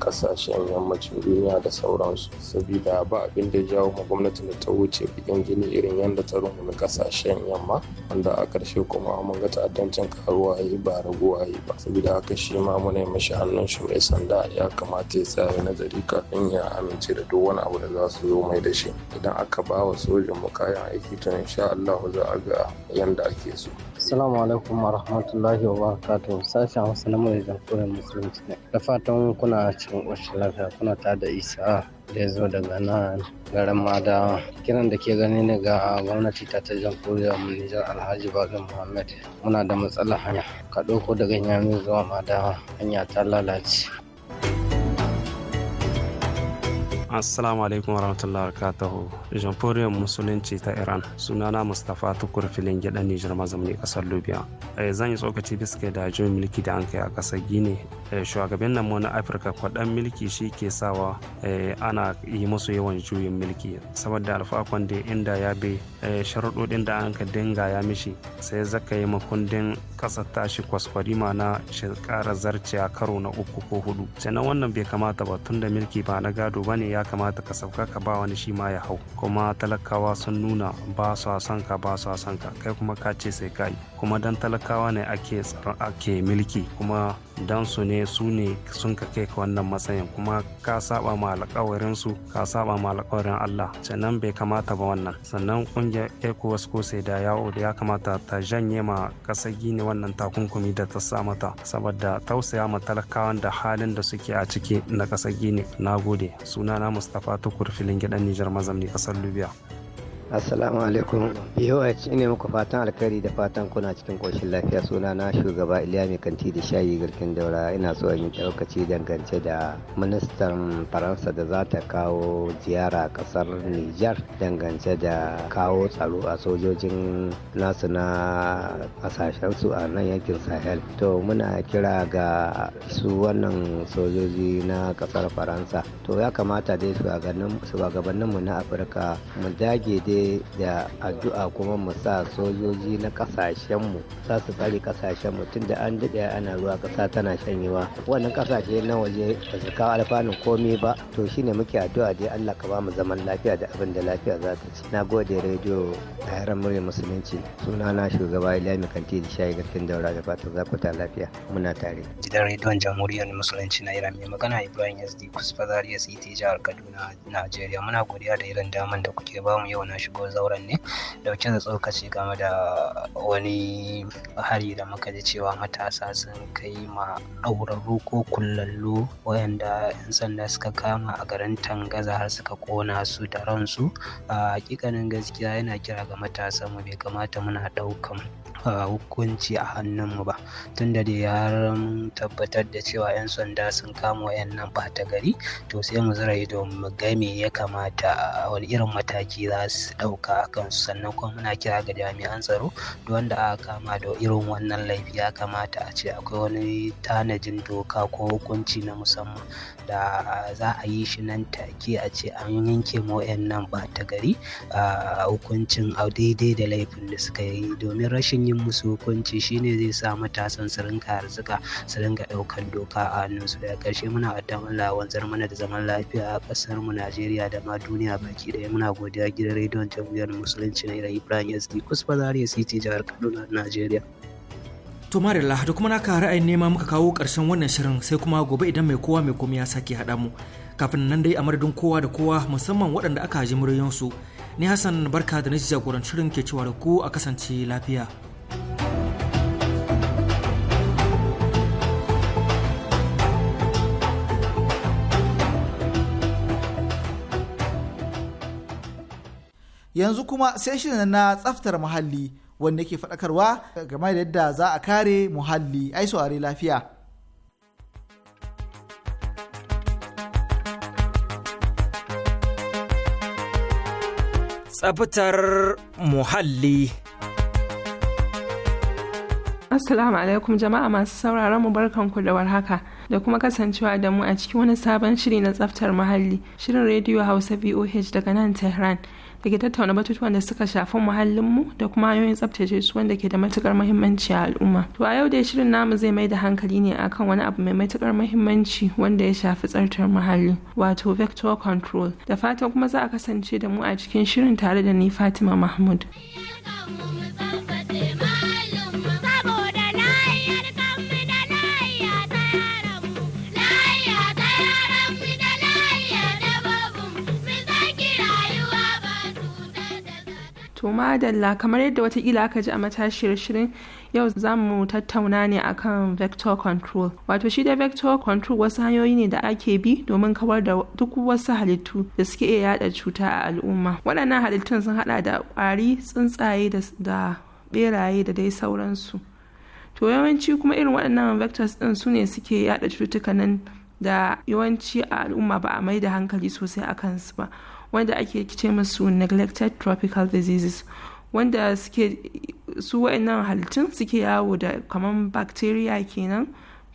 kasashen yammacin duniya da sauransu saboda ba abin da jawo ma gwamnatin da ta wuce bikin jini irin yadda ta rungumi kasashen yamma wanda a ƙarshe kuma mun ga ta'addancin karuwa yi ba raguwa yi ba ba saboda haka shi ma muna mashi hannun shi mai sanda ya kamata ya tsaya nazari kafin ya amince da duk wani abu da za su zo mai da shi idan aka ba wa sojin mu kayan aiki to insha Allah za a ga yanda ake so Assalamu alaikum wa rahmatullahi wa barakatuh sashi Hausa na mai jamhuriyar musulunci da fatan kuna cikin ƙoshin lafiya kuna tare da Isa da ya zo daga nan garin madawa kiran da ke gani ne ga gwamnati ta ta jamhuriyar nijar alhaji bazin muhammad muna da matsalar hanya ka ɗauko daga yami zuwa madawa hanya ta lalace assalamu alaikum warahmatullahi wabarakatuhu jamhuriyar musulunci ta iran sunana mustapha tukur filin gida nijar mazauni kasar libya eh, zan yi tsokaci biskai da juyin mulki da an kai a kasar gini eh, shugaban nan mu na afirka kwaɗan mulki shi ke sawa eh, ana yi musu yawan juyin mulki saboda alfakon da inda ya bi sharuɗoɗin da an ka dinga ya mishi sai zaka yi makundin ƙasar tashi kwaskwarima na shi ƙara zarce a karo na uku ko hudu sannan wannan bai kamata ba tun da mulki ba na gado ba ne ya kamata ka sauka ka ba wani shi ma ya hau kuma talakawa sun nuna ba su son ka ba su son ka kai kuma ka ce sai ka yi kuma dan talakawa ne ake ake milki kuma dan su ne su ne sun ka kai ka wannan matsayin kuma ka saba ma alƙawarin su ka saba ma alƙawarin Allah sannan bai kamata ba wannan sannan kungiyar ECOWAS ko sai da yawo da ya kamata ta janye ma ƙasar Gini wannan takunkumi da ta sa mata saboda tausaya ma talakawan da halin da suke a ciki na ƙasar Gini nagode sunana Mustapha Tukur filin gidan Nijar Mazamni kasar Libya assalamu alaikum boh ne muku fatan alkhairi da fatan kuna cikin koshin lafiya suna na shugaba iliya mai kanti da shayi garkin daura ina so in yi ɗaukaci dangance da ministan faransa da za ta kawo ziyara kasar nijar dangance da kawo tsaro a sojojin nasu na su a nan yankin sahel to muna kira ga su wannan sojoji na kasar faransa to ya kamata dai shugabanninmu na afirka mu dage dai da addu'a kuma mu sa sojoji na kasashenmu za su tsare kasashenmu da an daɗe ana ruwa ƙasa tana shanyewa wannan kasashe na waje ba su kawo alfanun komai ba to shine muke addu'a dai Allah ka ba mu zaman lafiya da abin da lafiya za ta ci na gode rediyo tayaran murya musulunci suna na shugaba ilami kanti da shayi gaskin daura da fatan za ku ta lafiya muna tare gidan rediyon jamhuriyar musulunci na iran mai magana ibrahim sd kusfa zaria city jihar kaduna nigeria muna godiya da irin daman da kuke bamu yau na shigo shigo zauren ne dauke da tsokaci game da wani hari da muka ji cewa matasa sun kai ma ɗaurarru ko kullallu wayanda 'yan sanda suka kama a garin tangaza har suka kona su da ransu a hakikanin gaskiya yana kira ga mu bai kamata muna ɗaukan hukunci a hannun mu ba tunda da ya tabbatar da cewa 'yan sanda sun kama wayannan ɓata gari to sai mu zira ido mu ga me ya kamata wani irin mataki za su ɗauka a kansu sannan kuma muna kira ga jami'an tsaro da wanda aka kama da irin wannan laifi ya kamata a ce akwai wani tanajin doka ko hukunci na musamman da za a yi shi nan take a ce an yanke ma wayannan ɓata gari a hukuncin a daidai da laifin da suka yi domin rashin yi. yin musu hukunci shine zai sa matasan su rinka harzuka su rinka ɗaukan doka a hannunsu daga ƙarshe muna addan Allah wanzar mana da zaman lafiya a ƙasar mu Najeriya da ma duniya baki ɗaya muna godiya gidan rediyon jam'iyyar musulunci na Ibrahim SD Kusfa Zaria City jihar Kaduna Najeriya. To Marilla da kuma naka ra'ayin nema muka kawo ƙarshen wannan shirin sai kuma gobe idan mai kowa mai komai ya sake haɗa mu. Kafin nan dai a madadin kowa da kowa musamman waɗanda aka ji muryansu. Ni Hassan barka da na jagorancin shirin ke cewa da ku a kasance lafiya. yanzu kuma sai shirin na tsaftar muhalli wanda ke faɗakarwa game da yadda za a kare muhalli ai saurari lafiya tsaftar muhalli Assalamu alaikum jama'a masu sauraron mu barkanku da warhaka da kuma kasancewa da mu a cikin wani sabon shiri na tsaftar muhalli shirin rediyo Hausa VOH daga nan Tehran da ke tattauna batutuwan da suka shafi muhallinmu da kuma hanyoyin tsabtace su wanda ke da matukar muhimmanci a al'umma. To a yau dai shirin namu zai mai da hankali ne akan wani abu mai matukar muhimmanci wanda ya shafi tsartar muhalli wato vector control. Da fatan kuma za a kasance da mu a cikin shirin tare da ni Fatima Mahmud. To madalla kamar yadda watakila aka ji a matashiyar shirin yau za mu tattauna ne akan vector control. Wato shi da vector control wasu hanyoyi ne da ake bi domin kawar da duk wasu halittu da suke iya yada cuta a al'umma. Waɗannan halittun sun hada da ƙwari, tsuntsaye da beraye da dai sauransu. To yawanci kuma irin waɗannan vectors ɗin su ne suke yada cututtuka nan da yawanci a al'umma ba a mai da hankali sosai a kansu ba. wanda ake ce masu neglected tropical diseases wanda suke su wa'annan halittun suke yawo da kamar bacteria kenan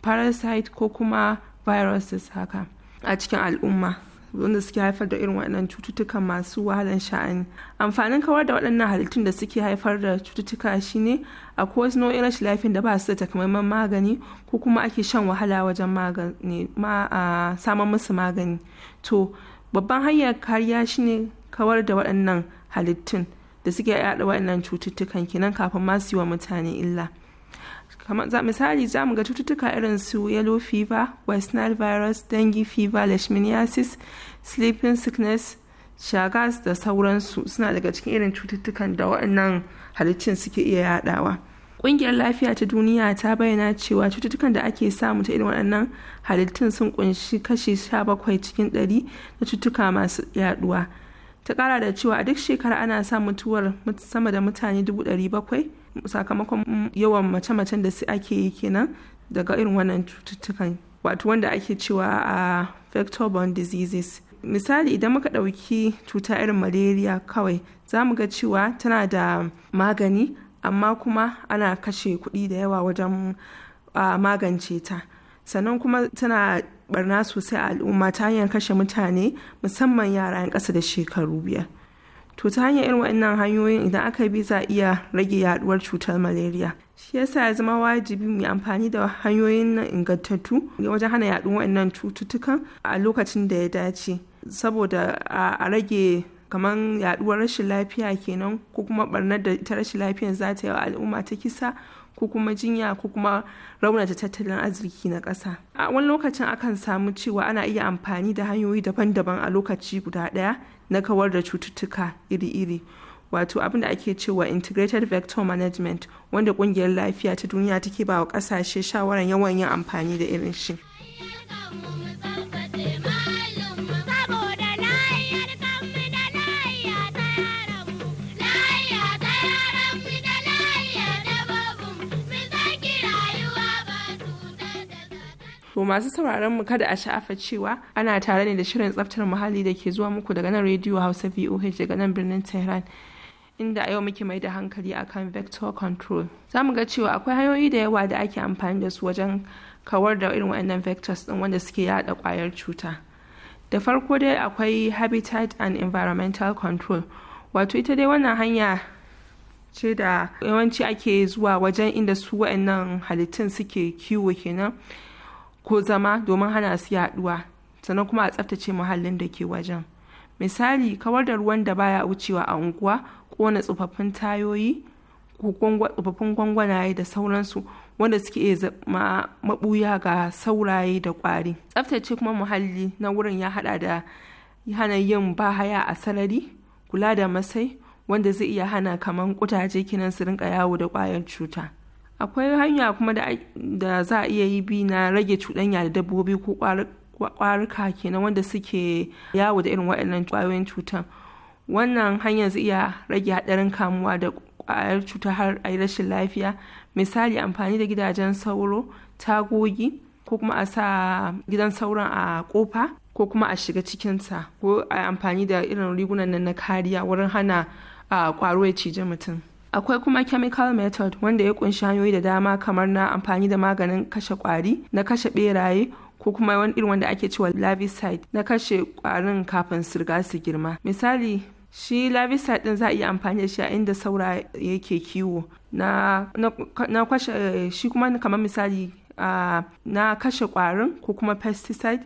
parasite ko kuma viruses haka a cikin al'umma wanda suke haifar da irin waɗannan cututtuka masu wahalan sha'ani amfanin kawar da waɗannan halittun da suke haifar da cututtuka shine akwai wasu nau'in rashin lafiyar da ba su da takamaiman magani ko kuma ake shan wahala wajen magani ma a samun musu magani to babban hanyar kariya shine kawar da waɗannan halittun da suke yaɗa waɗannan cututtukan kinan kafin ma su yi wa mutane illa misali za mu ga cututtuka irin su yellow fever west nile virus dengue fever leishmaniasis sleeping sickness shagas da sauransu suna daga cikin irin cututtukan da waɗannan halittun suke iya yaɗawa Ƙungiyar Lafiya ta Duniya ta bayyana cewa cututtukan da ake samu ta irin waɗannan halittun sun kunshi kashi 17 cikin 100 na cututtuka masu yaduwa. Ta ƙara da cewa a duk shekara ana sa mutuwar sama da mutane 700 sakamakon yawan mace-macen da ake yi kenan daga irin wannan cututtukan. Wato wanda ake cewa a vector-borne diseases. misali idan muka ɗauki cuta irin malaria kawai za mu ga cewa tana da magani amma kuma ana kashe kuɗi da yawa wajen magance ta sannan kuma tana barna sosai a al'umma ta hanyar kashe mutane musamman yara 'yan ƙasa da shekaru biyar to ta hanyar irin waɗannan hanyoyin idan aka bi za iya rage yaduwar cutar malaria shi yasa ya zama wajibi mu amfani da hanyoyin nan ingantattu wajen hana yaduwar waɗannan cututtukan a lokacin da ya dace saboda a rage kamar yaduwar rashin lafiya kenan ko kuma barnar da ita rashin lafiyar za ta yi wa al'umma ta kisa ko kuma jinya ko kuma raunata tattalin arziki na ƙasa a wani lokacin akan samu cewa ana iya amfani da hanyoyi daban-daban a lokaci guda ɗaya na kawar da cututtuka iri-iri wato abin ake cewa integrated vector management wanda ƙungiyar lafiya ta duniya take ba wa ƙasashe shawarar yawan yin amfani da irin shi. To masu sauraron mu kada a sha'afa cewa ana tare ne da shirin tsaftar muhalli da ke zuwa muku daga nan rediyo Hausa VOH daga nan birnin Tehran. Inda a yau muke mai da hankali akan vector control. Za mu ga cewa akwai hanyoyi da yawa da ake amfani da su wajen kawar da irin waɗannan vectors ɗin wanda suke yada kwayar cuta. Da farko dai akwai habitat and environmental control. Wato ita dai wannan hanya ce da yawanci ake zuwa wajen inda su wa'annan halittun suke kiwo kenan. ko zama domin hana su yaduwa sannan kuma a tsaftace muhallin da ke wajen misali kawar da ruwan da baya wucewa a unguwa kona tsofaffin tayoyi tsofaffin gwangwanaye da sauransu wanda suke iya zama mabuya ga sauraye da kwari tsaftace kuma muhalli na wurin ya hada da hana yin bahaya a sarari kula da masai wanda zai iya hana kaman kudaje kinan su rinka yawo da kwayar cuta akwai hanya kuma da za a iya yi bi na rage cuɗanya da dabbobi ko kwaruka kenan wanda suke yawo da irin waɗannan ƙwayoyin cutan wannan hanyar zai iya rage haɗarin kamuwa da ƙwayar cuta har a yi rashin lafiya misali amfani da gidajen sauro tagogi ko kuma a sa gidan sauron a ƙofa ko kuma a shiga cikinsa ko a amfani da irin rigunan nan na kariya wurin hana ƙwaro ya cije mutum akwai kuma chemical method wanda ya kunshi hanyoyi da dama kamar na amfani da maganin kashe kwari na kashe beraye ko kuma wani irin wanda ake cewa larvicide na kashe kwarin kafin su riga su girma misali shi larvicide din za a iya amfani da shi a inda saura yake kiwo na, na, kashe shi kuma kamar misali na kashe kwarin ko kuma pesticide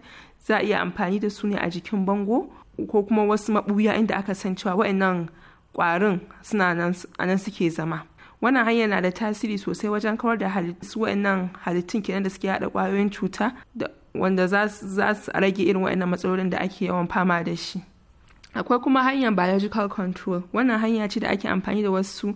za a iya amfani da su ne a jikin bango ko kuma wasu mabuya inda aka san cewa waɗannan kwarin suna nan suke zama wannan hanyar na da tasiri sosai wajen kawar da wayannan halittun kenan da suke haɗa kwayoyin cuta wanda za su rage irin wayannan matsalolin da ake yawan fama da shi akwai kuma hanyar biological control wannan hanya ce da ake amfani da wasu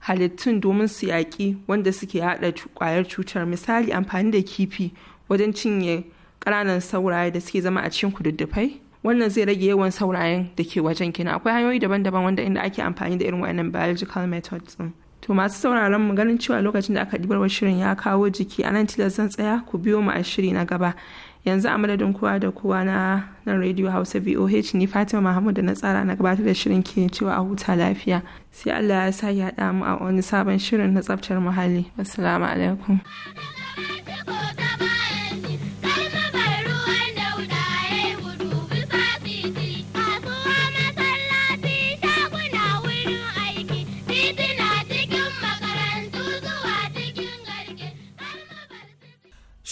halittun domin su yaƙi wanda suke haɗa ƙwayar cutar misali amfani da kifi wajen cinye ƙananan sauraye da suke zama a cikin kududdufai wannan zai rage yawan saurayen da ke wajen kina akwai hanyoyi daban-daban wanda inda ake amfani da irin wayannan biological methods din to masu sauraron mu ganin cewa lokacin da aka dibar wa shirin ya kawo jiki a nan tilas zan tsaya ku biyo mu a shiri na gaba yanzu a madadin kowa da kowa na nan radio hausa voh ni fatima mahmud da na tsara na gabatar da shirin ke cewa a huta lafiya sai allah ya sa ya mu a wani sabon shirin na tsaftar muhalli assalamu alaikum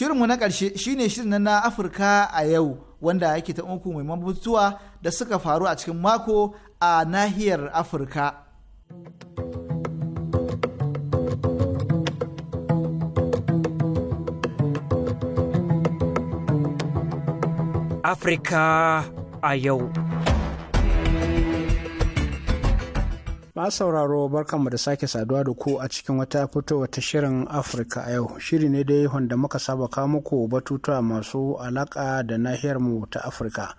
Shirinmu na ƙarshe shine shirin na Afirka a yau wanda yake ta uku mai mabutuwa da suka faru a cikin mako a nahiyar Afirka. Afirka a yau. masu sauraro barkanmu da sake saduwa da ku a cikin wata fito wata shirin afirka a yau shiri ne dai wanda muka saba kawo muku batutuwa masu alaka da nahiyar mu ta afirka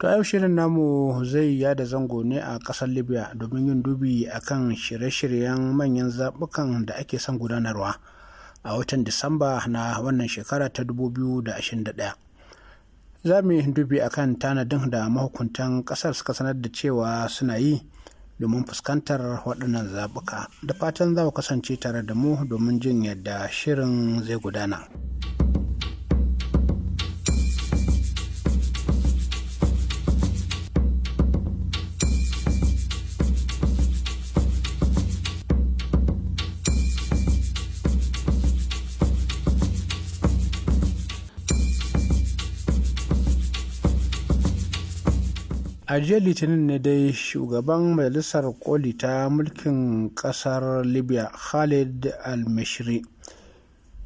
to yau shirin namu zai yada zango ne a kasar libya domin yin dubi akan shirye-shiryen manyan zabukan da ake son gudanarwa a watan disamba na wannan shekara ta 2021 za mu yi dubi akan tanadin da mahukuntan kasar suka sanar da cewa suna yi domin fuskantar waɗannan zaɓuka da fatan za ku kasance tare da mu domin jin yadda shirin zai gudana. a jiya litinin ne dai shugaban majalisar koli ta mulkin kasar libya khalid al-mashri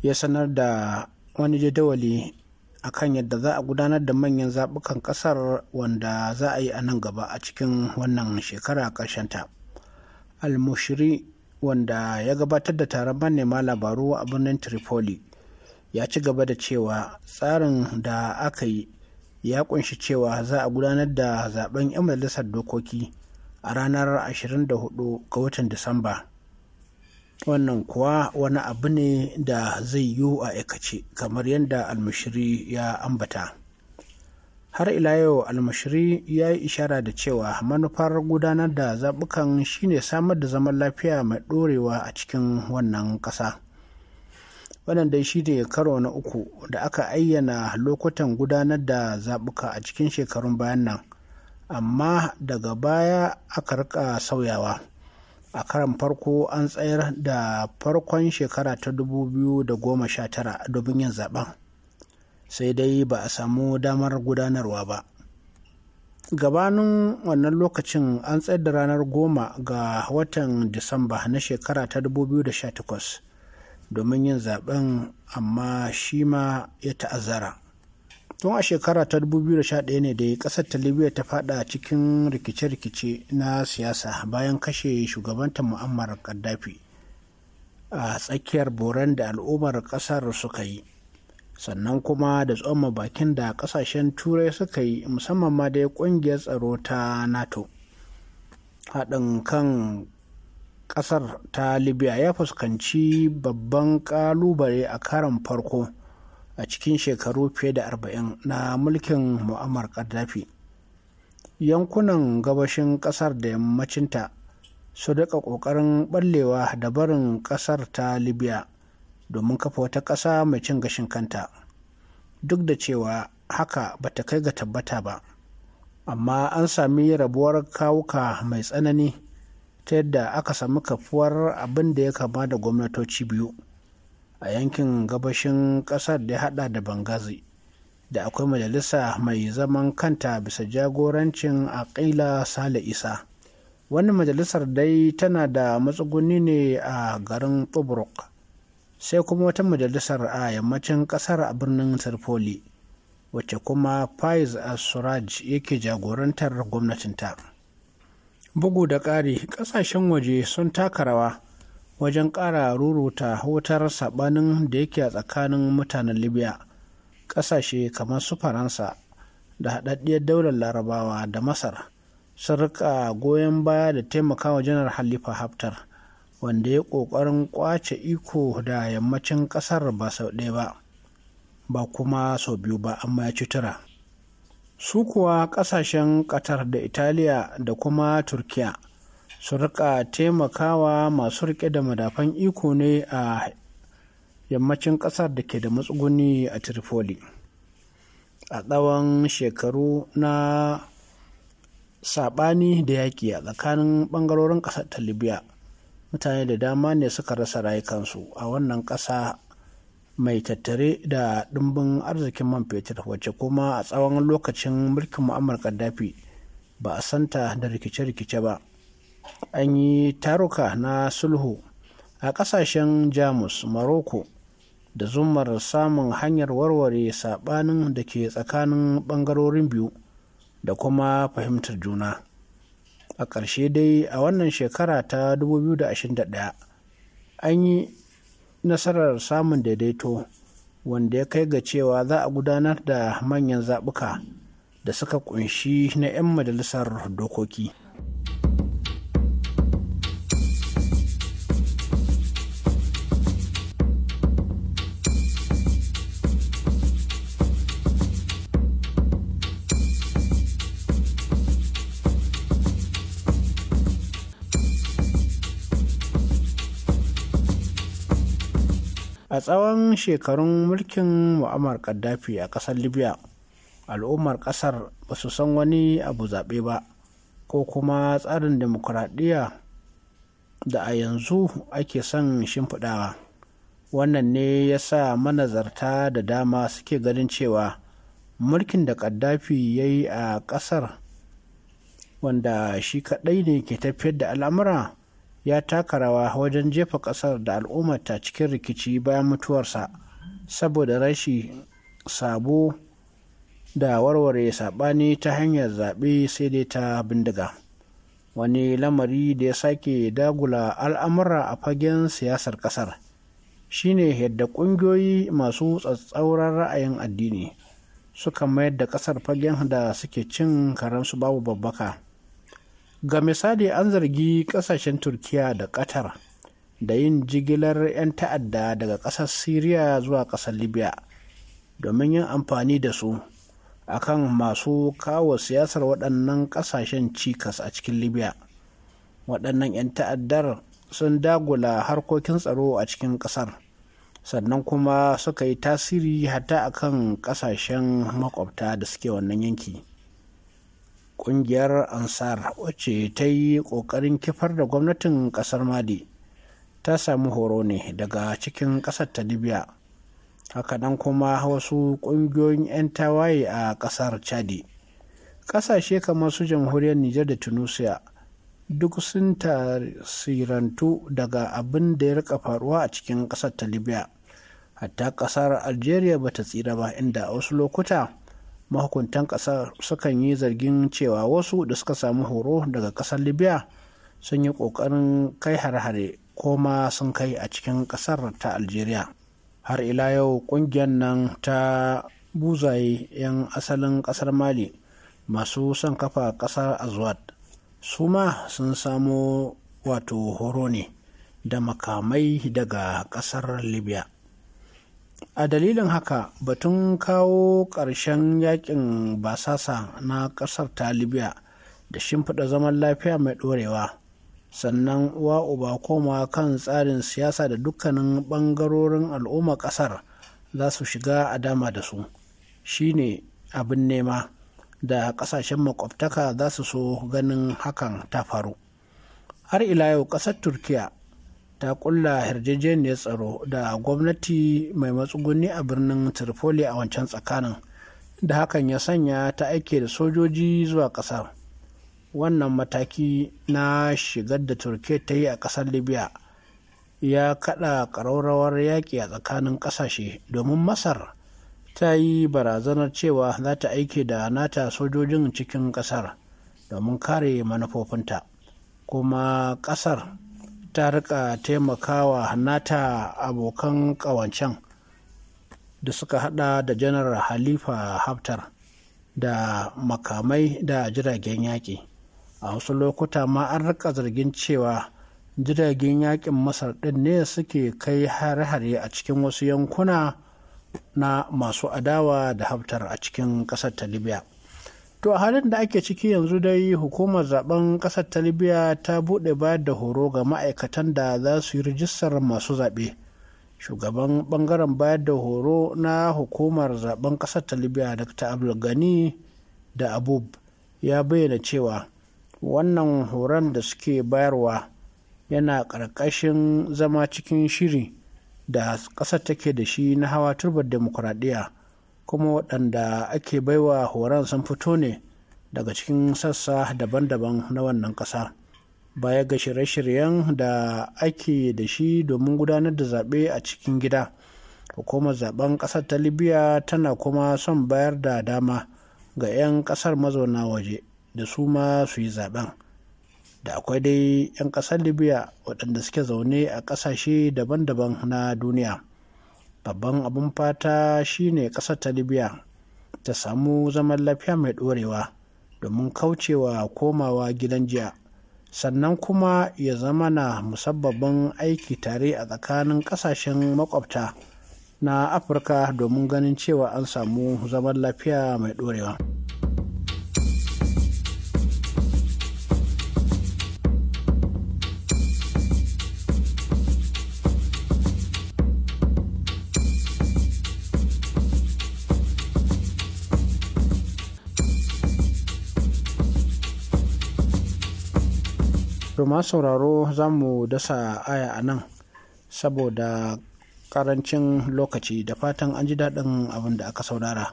ya sanar da wani jadawali a kan yadda za a gudanar da manyan zaɓukan ƙasar wanda za a yi a nan gaba a cikin wannan shekara ta. al mashri wanda ya gabatar da taron manema labaru a birnin tripoli ya ci gaba da cewa tsarin da aka yi ya kunshi cewa za a gudanar da zaben 'yan majalisar dokoki a ranar 24 ga watan disamba wannan kuwa wani abu ne da zai yiwu a aikace kamar yadda almashiri ya ambata har ila yau almashiri ya yi ishara da cewa manufar gudanar da zaɓukan shine samar da zaman lafiya mai ɗorewa a cikin wannan ƙasa. wannan dai shi ne karo na uku da aka ayyana lokutan gudanar da zaɓuka a cikin shekarun bayan nan amma daga baya aka rika sauyawa a karan farko an tsayar da farkon shekara ta 2019 domin yin zaben sai dai ba a samu damar gudanarwa ba gabanin wannan lokacin an tsayar da ranar goma ga watan disamba na shekara ta 2018 domin yin zaben amma shi ma ya ta'azzara tun a shekara ta 2011 ne da kasar ta libya ta fada cikin rikice-rikice na siyasa bayan kashe shugabanta mu'ammar gaddafi a tsakiyar boran da al'ummar kasar suka yi sannan kuma da tsoma bakin da kasashen turai suka yi musamman ma dai kungiyar tsaro ta nato haɗin kan kasar ta libya ya fuskanci babban kalubale a karon farko a cikin shekaru fiye da 40 na mulkin mu'ammar gaddafi yankunan gabashin kasar da yammacinta su daga ƙoƙarin ɓallewa da barin ƙasar ta libya domin kafa wata ƙasa mai cin gashin kanta duk da cewa haka ba ta kai ga tabbata ba amma an sami rabuwar kawuka mai tsanani ta yadda aka samu kafuwar abin da ya kama da gwamnatoci biyu a yankin gabashin ƙasar da ya hada da bangazi da akwai majalisa mai zaman kanta bisa jagorancin aƙila sale isa wani majalisar dai tana da matsuguni ne a garin tobruk sai kuma wata majalisar a yammacin ƙasar a birnin tripoli wacce kuma faiz al-suraj yake jagorantar gwamnatinta. bugu da ƙari ƙasashen waje sun taka rawa wajen ƙara ruruta wutar saɓanin da yake a tsakanin mutanen libya ƙasashe kamar su faransa da haɗaɗɗiyar daular larabawa da masar sun rika goyon baya da taimakawa janar halifa haftar wanda ya ƙoƙarin ƙwace iko da yammacin ƙasar ba sau ɗaya ba ba kuma sau biyu ba amma ya ci tura su kuwa ƙasashen ƙatar da italiya da kuma turkiya su rika taimakawa masu rike da madafan iko ne a yammacin ƙasar da ke da matsuguni a tripoli a tsawon shekaru na saɓani da yaƙi a tsakanin ɓangarorin ƙasar ta libya mutane da dama ne suka rasa rayukansu a wannan ƙasa mai tattare da ɗimbin arzikin man fetur wacce kuma a tsawon lokacin mulkin mu'ammar gaddafi ba a santa da rikice-rikice ba an yi taruka na sulhu a ƙasashen jamus maroko da zumar samun hanyar warware saɓanin da ke tsakanin ɓangarorin biyu da kuma fahimtar juna a ƙarshe dai a wannan shekara ta 2021 an yi nasarar samun daidaito wanda ya kai ga cewa za a gudanar da manyan zaɓuka da suka kunshi na 'yan majalisar dokoki. tsawon shekarun mulkin mu'ammar gaddafi a ƙasar libya al'ummar ƙasar ba su san wani abu zaɓe ba ko kuma tsarin demokuraɗiyya da a yanzu ake son shimfiɗawa wannan ne ya sa manazarta da dama suke ganin cewa mulkin da gaddafi ya yi a ƙasar wanda shi kaɗai ne ke tafiyar da al'amura ya taka rawa wajen jefa ƙasar da al'ummarta cikin rikici bayan mutuwarsa saboda rashi sabo da warware saɓani ta hanyar zaɓe sai dai ta bindiga wani lamari da ya sake dagula al'amura a fagen siyasar ƙasar shine yadda ƙungiyoyi masu tsatsauran ra'ayin addini suka mayar da ƙasar fagen da suke cin karansu babu babbaka ga misali an zargi kasashen turkiya da qatar da yin jigilar 'yan ta'adda daga kasar syria zuwa kasar libya domin yin amfani da su akan masu kawo siyasar waɗannan kasashen cikas a cikin libya waɗannan 'yan ta'addar sun dagula harkokin tsaro a cikin kasar sannan kuma suka yi tasiri hatta akan kasashen makwabta da suke wannan yanki. ƙungiyar ansar wacce ta yi ƙoƙarin kifar da gwamnatin ƙasar mali ta samu horo ne daga cikin ƙasar ta libya hakanan kuma wasu ƙungiyoyin 'yan tawaye a ƙasar chadi ƙasashe kamar su jamhuriyar nijar da tunisia duk sun tasirantu daga abin da ya rika faruwa a cikin ƙasar ta libya hatta ƙasar algeria ba ta tsira ba inda a wasu lokuta mahukuntan ƙasar sukan yi zargin cewa wasu da suka samu horo daga kasar libya sun yi kokarin kai har-hare ko ma sun kai a cikin kasar ta algeria har ila yau kungiyar nan ta buzaye 'yan asalin kasar mali masu son kafa kasar azuad su ma sun samo wato horo ne da makamai daga kasar libya a dalilin haka batun kawo ƙarshen yakin basasa na ƙasar ta libya da shimfiɗa zaman lafiya mai ɗorewa sannan uwa uba koma kan tsarin siyasa da dukkanin ɓangarorin al'umma ƙasar za su shiga a dama da su shine abin nema da ƙasashen makwabtaka za su so ganin hakan ta faru har ila yau ƙasar turkiya ta kulla yarjejeniyar tsaro da gwamnati mai matsuguni a birnin tripoli a wancan tsakanin da hakan ya sanya ta aike da sojoji zuwa kasar wannan mataki na shigar da turke ta yi a kasar libya ya kada karorawar yaƙi a tsakanin ƙasashe domin masar ta yi barazanar cewa za ta aike da nata sojojin cikin ƙasar domin kare manufofinta kuma ƙasar ta rika taimakawa nata abokan ƙawancen da suka hada da janar halifa haftar da makamai da jiragen yaƙi a wasu lokuta ma an rika zargin cewa jiragen yaƙin masar ɗin ne suke kai hare-hare a cikin wasu yankuna na masu adawa da haftar a cikin ƙasar ta libya to a halin da ake ciki yanzu dai hukumar zaben kasar ta libya ta buɗe bayar da horo ga ma'aikatan da za su yi rijistar masu zaɓe shugaban ɓangaren bayar da horo na hukumar zaben ƙasar ta libya dr abdulgani da abub ya bayyana cewa wannan horon da suke bayarwa yana ƙarƙashin zama cikin shiri da ƙasar take da shi na hawa turbar demokuraɗiyya kuma waɗanda ake baiwa horon sun fito ne daga cikin sassa daban-daban na wannan ƙasa baya ga shirye-shiryen da ake da shi domin gudanar da zaɓe a cikin gida hukumar zaben ƙasar ta libya tana kuma son bayar da dama ga 'yan ƙasar mazauna waje da su ma su yi zaben da akwai dai 'yan ƙasar libya waɗanda suke zaune a ƙasashe daban-daban na duniya. babban abin fata shine kasar ta libya ta samu zaman lafiya mai dorewa domin kaucewa komawa gidan jiya sannan kuma ya zama na musabbabin aiki tare a tsakanin kasashen makwabta na afirka domin ganin cewa an samu zaman lafiya mai dorewa. To sauraro za mu dasa aya a nan saboda karancin lokaci da fatan an ji daɗin abin da aka saurara.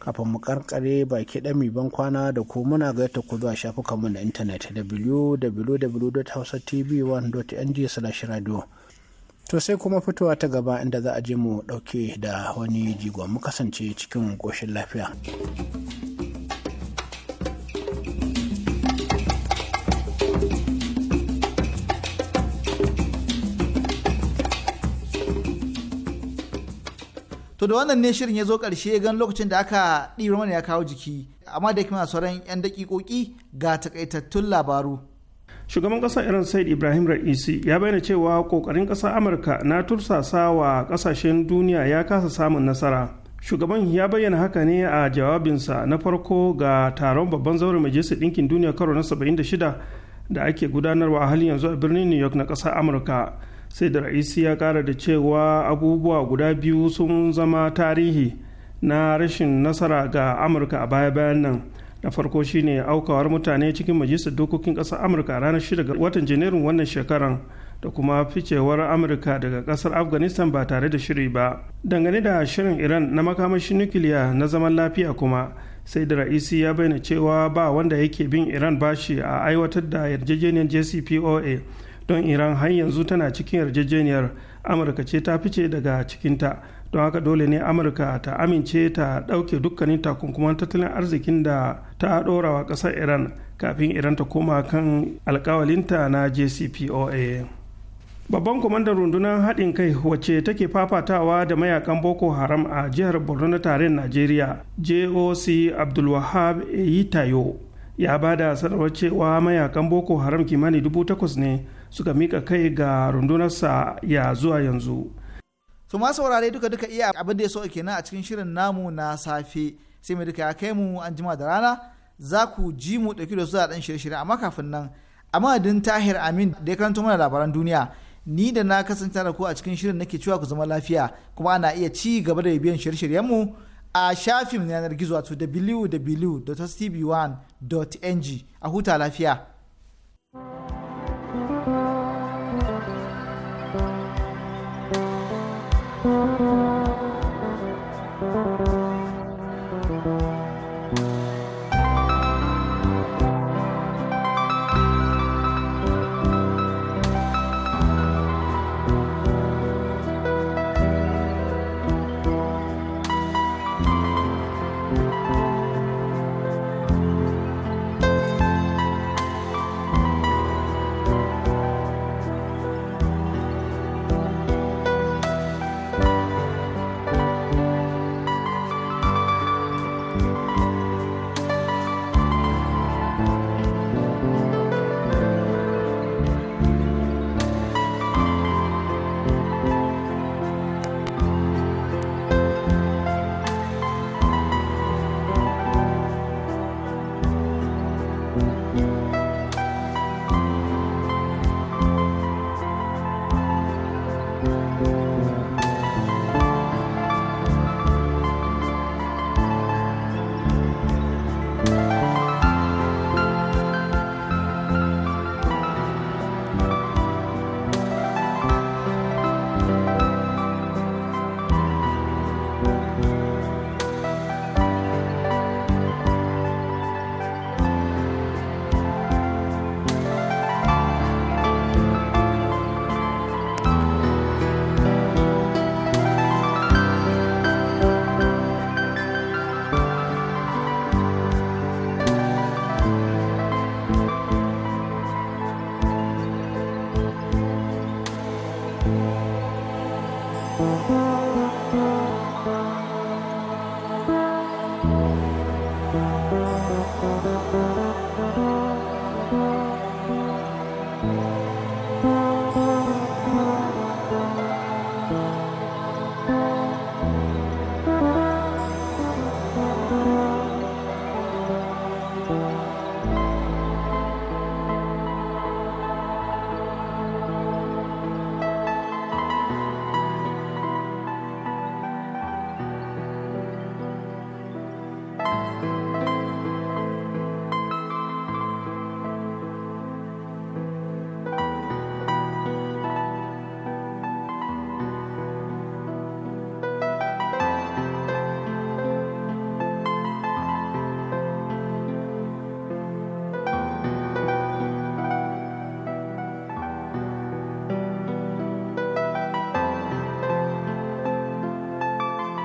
Kafin mu karkare baki ɗami ban kwana da ku muna gaita ku zuwa shafukanmu na intanet www.hausatv1.ng/radio. To sai kuma fitowa ta gaba inda za a je mu ɗauke da wani jigon mu kasance cikin ƙoshin lafiya. to da wannan ne shirin ya zo ƙarshe gan lokacin da aka ɗira mana ya kawo jiki amma da kuma sauran 'yan dakikoki ga takaitattun labaru shugaban ƙasar irin said ibrahim ra'isi ya bayyana cewa ƙoƙarin ƙasa amurka na tursasa wa ƙasashen duniya ya kasa samun nasara shugaban ya bayyana haka ne a jawabinsa na farko ga taron babban zauren majalisar ɗinkin duniya karo na 76 da ake gudanarwa a halin yanzu a birnin new york na ƙasar amurka sai da ra'isi ya kara da cewa abubuwa guda biyu sun zama tarihi na rashin nasara ga amurka a baya-bayan nan na farko shine aukawar mutane cikin majalisar dokokin kasar amurka ranar 6 ga watan janairun wannan shekaran da kuma ficewar amurka daga ƙasar afghanistan ba tare da shiri ba dangane da shirin iran na makamashin nukiliya na zaman lafiya kuma sai da ra'isi ya bayyana cewa ba wanda yake bin iran bashi a aiwatar da yarjejeniyar jcpoa don iran har yanzu tana cikin yarjejeniyar amurka ce ta fice daga cikinta don haka dole ne amurka ta amince ta ɗauke dukkanin takunkuman tattalin arzikin da ta wa ƙasar iran kafin iran ta koma kan alkawalinta na jcpoa babban kwamandan rundunar haɗin kai wacce take fafatawa da mayakan boko haram a jihar borno na tarayyar najeriya joc abdulwahab eyitayo ya ba da sanarwar cewa mayakan boko haram kimanin dubu takwas ne suka mika kai ga rundunarsa ya zuwa yanzu. To ma saurare duka duka iya abin da ya so kenan a cikin shirin namu na safe sai mai duka ya kai mu an jima da rana za ku ji mu ɗauki da su a dan shirye-shirye amma kafin nan a madadin tahir amin da ya karanto mana labaran duniya ni da na kasance da ku a cikin shirin nake cewa ku zama lafiya kuma ana iya ci gaba da biyan shirye mu a shafin yanar gizo wato www.tv1.ng a huta lafiya. Thank you.